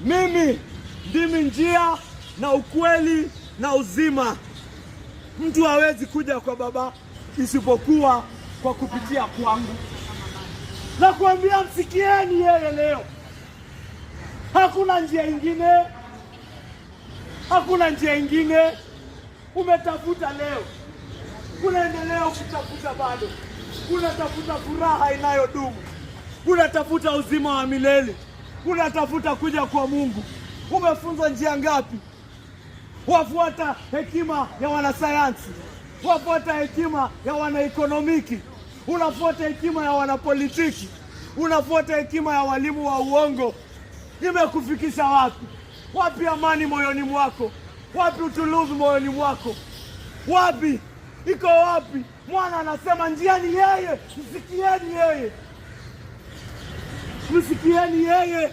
Mimi ndimi njia na ukweli na uzima. Mtu hawezi kuja kwa Baba isipokuwa kwa kupitia kwangu. Nakwambia, msikieni yeye leo. Hakuna njia ingine, hakuna njia ingine. Umetafuta leo, unaendelea kutafuta bado, unatafuta furaha inayodumu, unatafuta uzima wa milele unatafuta kuja kwa Mungu. Umefunzwa njia ngapi? Wafuata hekima ya wanasayansi, wafuata hekima ya wanaekonomiki, unafuata hekima ya wanapolitiki, unafuata hekima ya walimu wa uongo. Imekufikisha wapi? Wapi amani moyoni mwako? Wapi utulivu moyoni mwako? Wapi iko wapi? Mwana anasema njia ni yeye, msikieni yeye msikieni yeye.